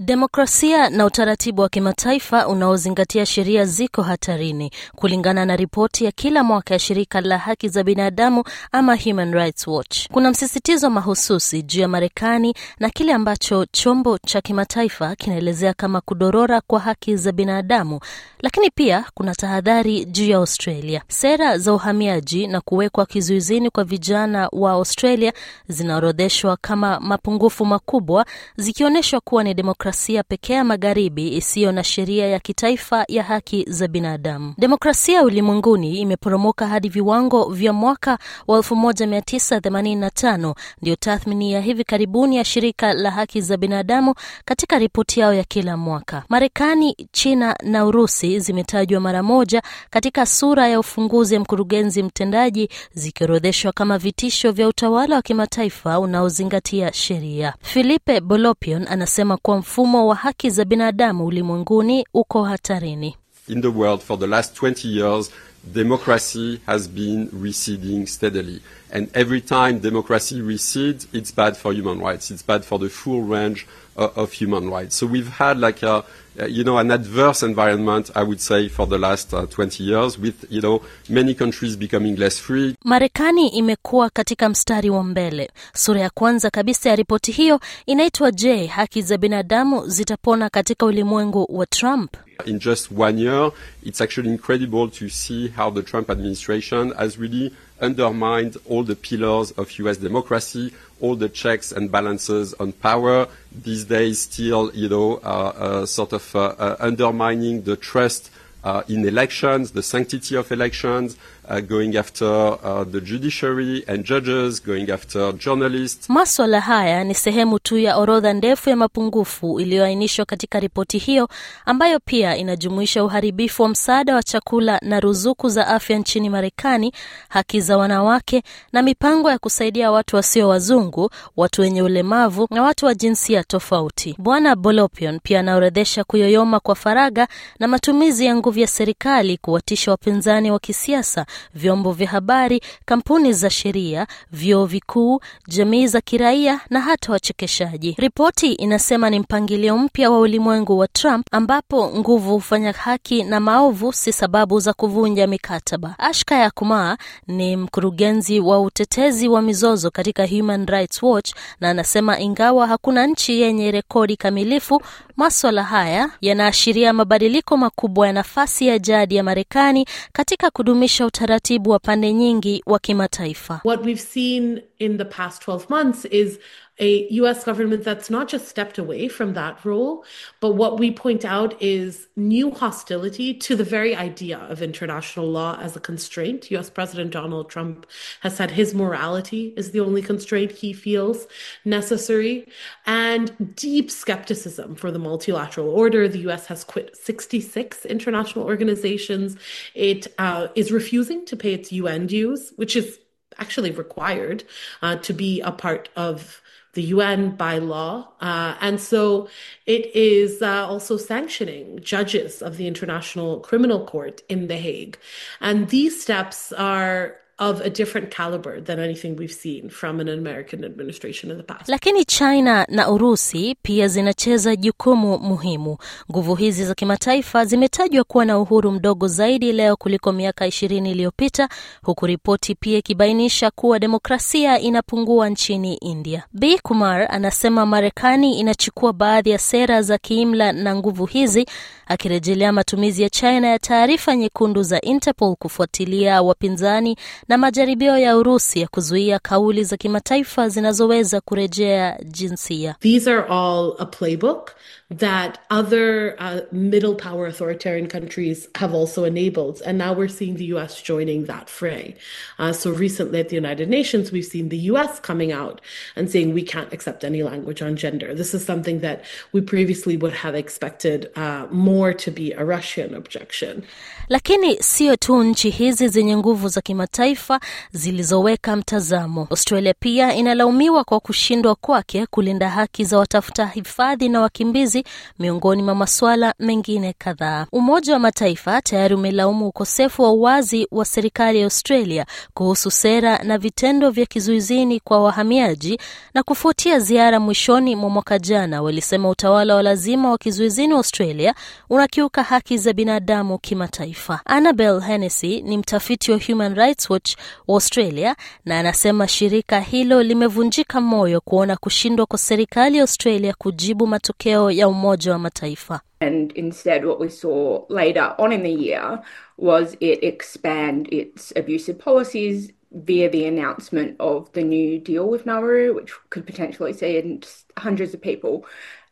Demokrasia na utaratibu wa kimataifa unaozingatia sheria ziko hatarini, kulingana na ripoti ya kila mwaka ya shirika la haki za binadamu ama Human Rights Watch. Kuna msisitizo mahususi juu ya Marekani na kile ambacho chombo cha kimataifa kinaelezea kama kudorora kwa haki za binadamu, lakini pia kuna tahadhari juu ya Australia. Sera za uhamiaji na kuwekwa kizuizini kwa vijana wa Australia zinaorodheshwa kama mapungufu makubwa, zikionyeshwa kuwa ni demokrasia demokrasia pekee ya magharibi isiyo na sheria ya kitaifa ya haki za binadamu. Demokrasia ulimwenguni imeporomoka hadi viwango vya mwaka wa 1985, ndiyo tathmini ya hivi karibuni ya shirika la haki za binadamu katika ripoti yao ya kila mwaka. Marekani, China na Urusi zimetajwa mara moja katika sura ya ufunguzi ya mkurugenzi mtendaji, zikiorodheshwa kama vitisho vya utawala wa kimataifa unaozingatia sheria. Filipe Bolopion anasema kuwa mfumo wa haki za binadamu ulimwenguni uko hatarini. In the world for the last 20 years, democracy has been receding steadily. And every time democracy recedes, it's bad for human rights. It's bad for the full range uh, of human rights. So we've had like a, uh, you know, an adverse environment, I would say, for the last uh, 20 years with, you know, many countries becoming less free. Marekani imekuwa katika mstari wa mbele. Sura ya kwanza kabisa ya ripoti hiyo inaitwa Je, haki za binadamu zitapona katika ulimwengu wa Trump? in just one year, it's actually incredible to see how the Trump administration has really undermined all the pillars of US democracy, all the checks and balances on power. These days, still, you know, uh, uh, sort of uh, uh undermining the trust Uh, in elections, the sanctity of elections, uh, going after uh, the judiciary and judges, going after journalists. Maswala haya ni sehemu tu ya orodha ndefu ya mapungufu iliyoainishwa katika ripoti hiyo ambayo pia inajumuisha uharibifu wa msaada wa chakula na ruzuku za afya nchini Marekani, haki za wanawake na mipango ya kusaidia watu wasio wazungu, watu wenye ulemavu na watu wa jinsia tofauti. Bwana Bolopion pia anaorodhesha kuyoyoma kwa faragha na matumizi ya nguvu vya serikali kuwatisha wapinzani wa kisiasa, vyombo vya habari, kampuni za sheria, vyuo vikuu, jamii za kiraia na hata wachekeshaji. Ripoti inasema ni mpangilio mpya wa ulimwengu wa Trump ambapo nguvu hufanya haki na maovu si sababu za kuvunja mikataba. Ashka Yakumaa ni mkurugenzi wa utetezi wa mizozo katika Human Rights Watch na anasema ingawa hakuna nchi yenye rekodi kamilifu, maswala haya yanaashiria mabadiliko makubwa yanafaa nafasi ya jadi ya Marekani katika kudumisha utaratibu wa pande nyingi wa kimataifa. What we've seen in the past 12 months is a US government that's not just stepped away from that role, but what we point out is new hostility to the very idea of international law as a constraint. US President Donald Trump has said his morality is the only constraint he feels necessary, and deep skepticism for the multilateral order. The US has quit 66 international organizations. It uh, is refusing to pay its UN dues, which is actually required uh, to be a part of the UN by law. Uh, and so it is uh, also sanctioning judges of the International Criminal Court in The Hague. And these steps are of a different caliber than anything we've seen from an American administration in the past. Lakini China na Urusi pia zinacheza jukumu muhimu. Nguvu hizi za kimataifa zimetajwa kuwa na uhuru mdogo zaidi leo kuliko miaka ishirini iliyopita, huku ripoti pia ikibainisha kuwa demokrasia inapungua nchini India. B Kumar anasema Marekani inachukua baadhi ya sera za kiimla na nguvu hizi, akirejelea matumizi ya China ya taarifa nyekundu za Interpol kufuatilia wapinzani na majaribio ya Urusi ya kuzuia kauli za kimataifa zinazoweza kurejea jinsia. These are all a playbook that other uh, middle power authoritarian countries have also enabled. And now we're seeing the US joining that fray. Uh, so recently at the United Nations, we've seen the US coming out and saying we can't accept any language on gender. This is something that we previously would have expected uh, more to be a Russian objection. Lakini sio tu nchi hizi zenye nguvu za kimataifa kimataifa zilizoweka mtazamo. Australia pia inalaumiwa kwa kushindwa kwake kulinda haki za watafuta hifadhi na wakimbizi, miongoni mwa masuala mengine kadhaa. Umoja wa Mataifa tayari umelaumu ukosefu wa uwazi wa serikali ya Australia kuhusu sera na vitendo vya kizuizini kwa wahamiaji, na kufuatia ziara mwishoni mwa mwaka jana, walisema utawala wa lazima wa kizuizini wa Australia unakiuka haki za binadamu kimataifa. Annabel Hennessy ni mtafiti wa Human Rights Watch Beach, Australia, na anasema shirika hilo limevunjika moyo kuona kushindwa kwa serikali ya Australia kujibu matokeo ya Umoja wa Mataifa. And instead, what we saw later on in the year was it expand its abusive policies via the announcement of the new deal with Nauru, which could potentially see hundreds of people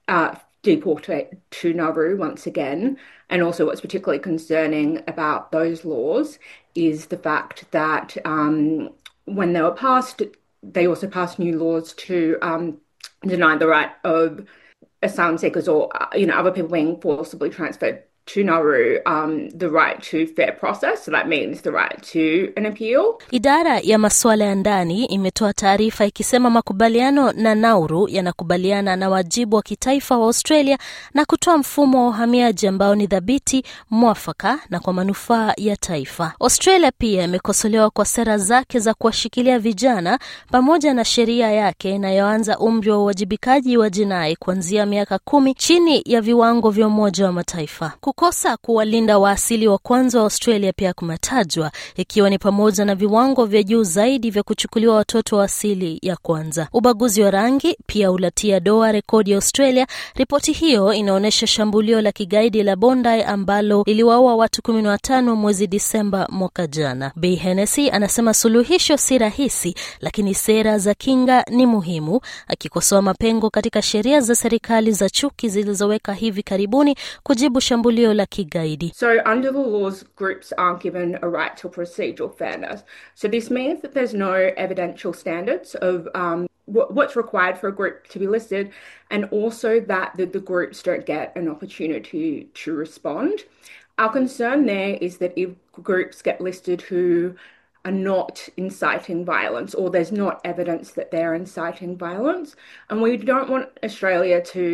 uh, deported to Nauru once again. And also, what's particularly concerning about those laws is the fact that um, when they were passed, they also passed new laws to um, deny the right of asylum seekers or uh, you know other people being forcibly transferred to Nauru, um, the right to fair process, so that means the right to an appeal. Idara ya masuala ya ndani imetoa taarifa ikisema makubaliano na Nauru yanakubaliana na wajibu wa kitaifa wa Australia na kutoa mfumo wa uhamiaji ambao ni dhabiti, mwafaka na kwa manufaa ya taifa. Australia pia imekosolewa kwa sera zake za kuwashikilia vijana pamoja na sheria yake inayoanza umri wa uwajibikaji wa jinai kuanzia miaka kumi chini ya viwango vya Umoja wa Mataifa. Kukosa kuwalinda waasili wa kwanza wa Australia pia kumetajwa, ikiwa ni pamoja na viwango vya juu zaidi vya kuchukuliwa watoto wa asili ya kwanza. Ubaguzi wa rangi pia ulatia doa rekodi ya Australia. Ripoti hiyo inaonyesha shambulio la kigaidi la Bondi ambalo liliwaua watu 15 mwezi Disemba mwaka jana. b Hennessy anasema suluhisho si rahisi, lakini sera za kinga ni muhimu, akikosoa mapengo katika sheria za serikali za chuki zilizoweka hivi karibuni kujibu shambulio la kigaidi. So under the laws, groups aren't given a right to procedural fairness. So this means that there's no evidential standards of um, what's required for a group to be listed, and also that the, the groups don't get an opportunity to respond. Our concern there is that if groups get listed who are not inciting violence or there's not evidence that they're inciting violence. And we don't want Australia to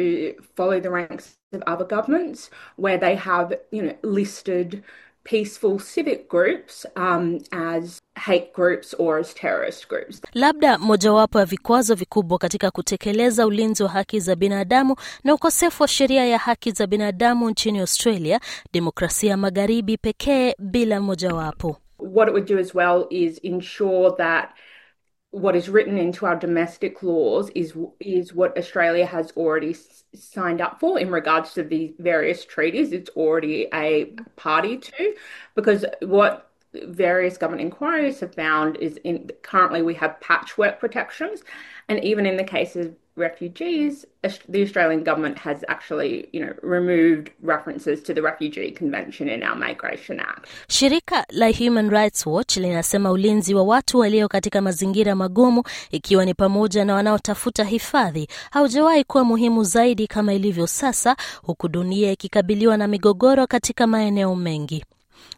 follow the ranks of other governments where they have, you know, listed peaceful civic groups um, as hate groups or as terrorist groups. Labda mojawapo ya vikwazo vikubwa katika kutekeleza ulinzi wa haki za binadamu na ukosefu wa sheria ya haki za binadamu nchini Australia, demokrasia magharibi pekee bila mojawapo. What it would do as well is ensure that what is written into our domestic laws is is what Australia has already signed up for in regards to the various treaties it's already a party to because what various government inquiries have found is in, currently we have patchwork protections, and even in the case of refugees, the Australian government has actually, you know, removed references to the Refugee Convention in our Migration Act. Shirika la Human Rights Watch linasema ulinzi wa watu walio katika mazingira magumu, ikiwa ni pamoja na wanaotafuta hifadhi, haujawahi kuwa muhimu zaidi kama ilivyo sasa, huku dunia ikikabiliwa na migogoro katika maeneo mengi.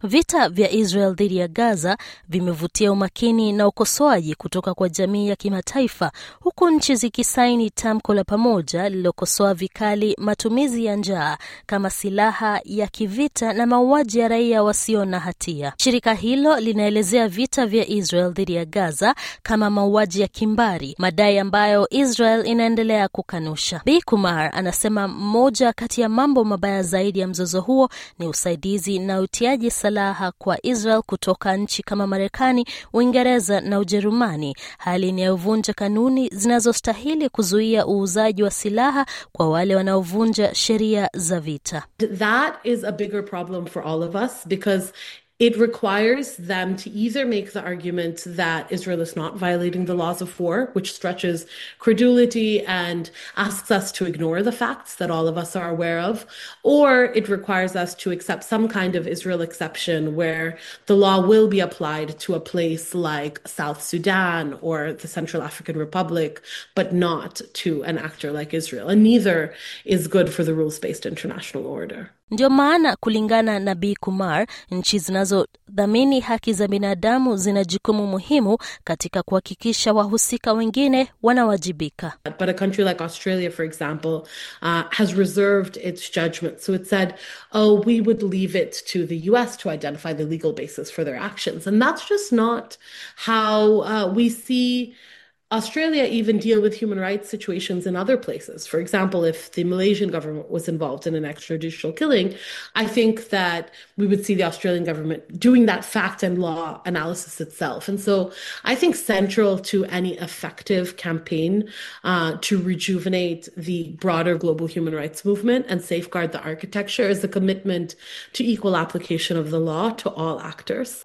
Vita vya Israel dhidi ya Gaza vimevutia umakini na ukosoaji kutoka kwa jamii ya kimataifa, huku nchi zikisaini tamko la pamoja lililokosoa vikali matumizi ya njaa kama silaha ya kivita na mauaji ya raia wasio na hatia. Shirika hilo linaelezea vita vya Israel dhidi ya Gaza kama mauaji ya kimbari, madai ambayo Israel inaendelea kukanusha. Bi Kumar anasema moja kati ya mambo mabaya zaidi ya mzozo huo ni usaidizi na utiaji silaha kwa Israel kutoka nchi kama Marekani, Uingereza na Ujerumani, hali inayovunja kanuni zinazostahili kuzuia uuzaji wa silaha kwa wale wanaovunja sheria za vita. That is a bigger problem for all of us because it requires them to either make the argument that Israel is not violating the laws of war, which stretches credulity and asks us to ignore the facts that all of us are aware of, or it requires us to accept some kind of Israel exception where the law will be applied to a place like South Sudan or the Central African Republic, but not to an actor like Israel. And neither is good for the rules based international order. Ndio maana kulingana na Kumar, nchi zinazodhamini haki za binadamu zina jukumu muhimu katika kuhakikisha wahusika wengine wanawajibika. But a country like Australia, for example, uh, has reserved its judgment. So it said, oh, we would leave it to the US to identify the legal basis for their actions. And that's just not how uh, we see Australia even deal with human rights situations in other places. For example, if the Malaysian government was involved in an extrajudicial killing, I think that we would see the Australian government doing that fact and law analysis itself. And so I think central to any effective campaign uh, to rejuvenate the broader global human rights movement and safeguard the architecture is the commitment to equal application of the law to all actors.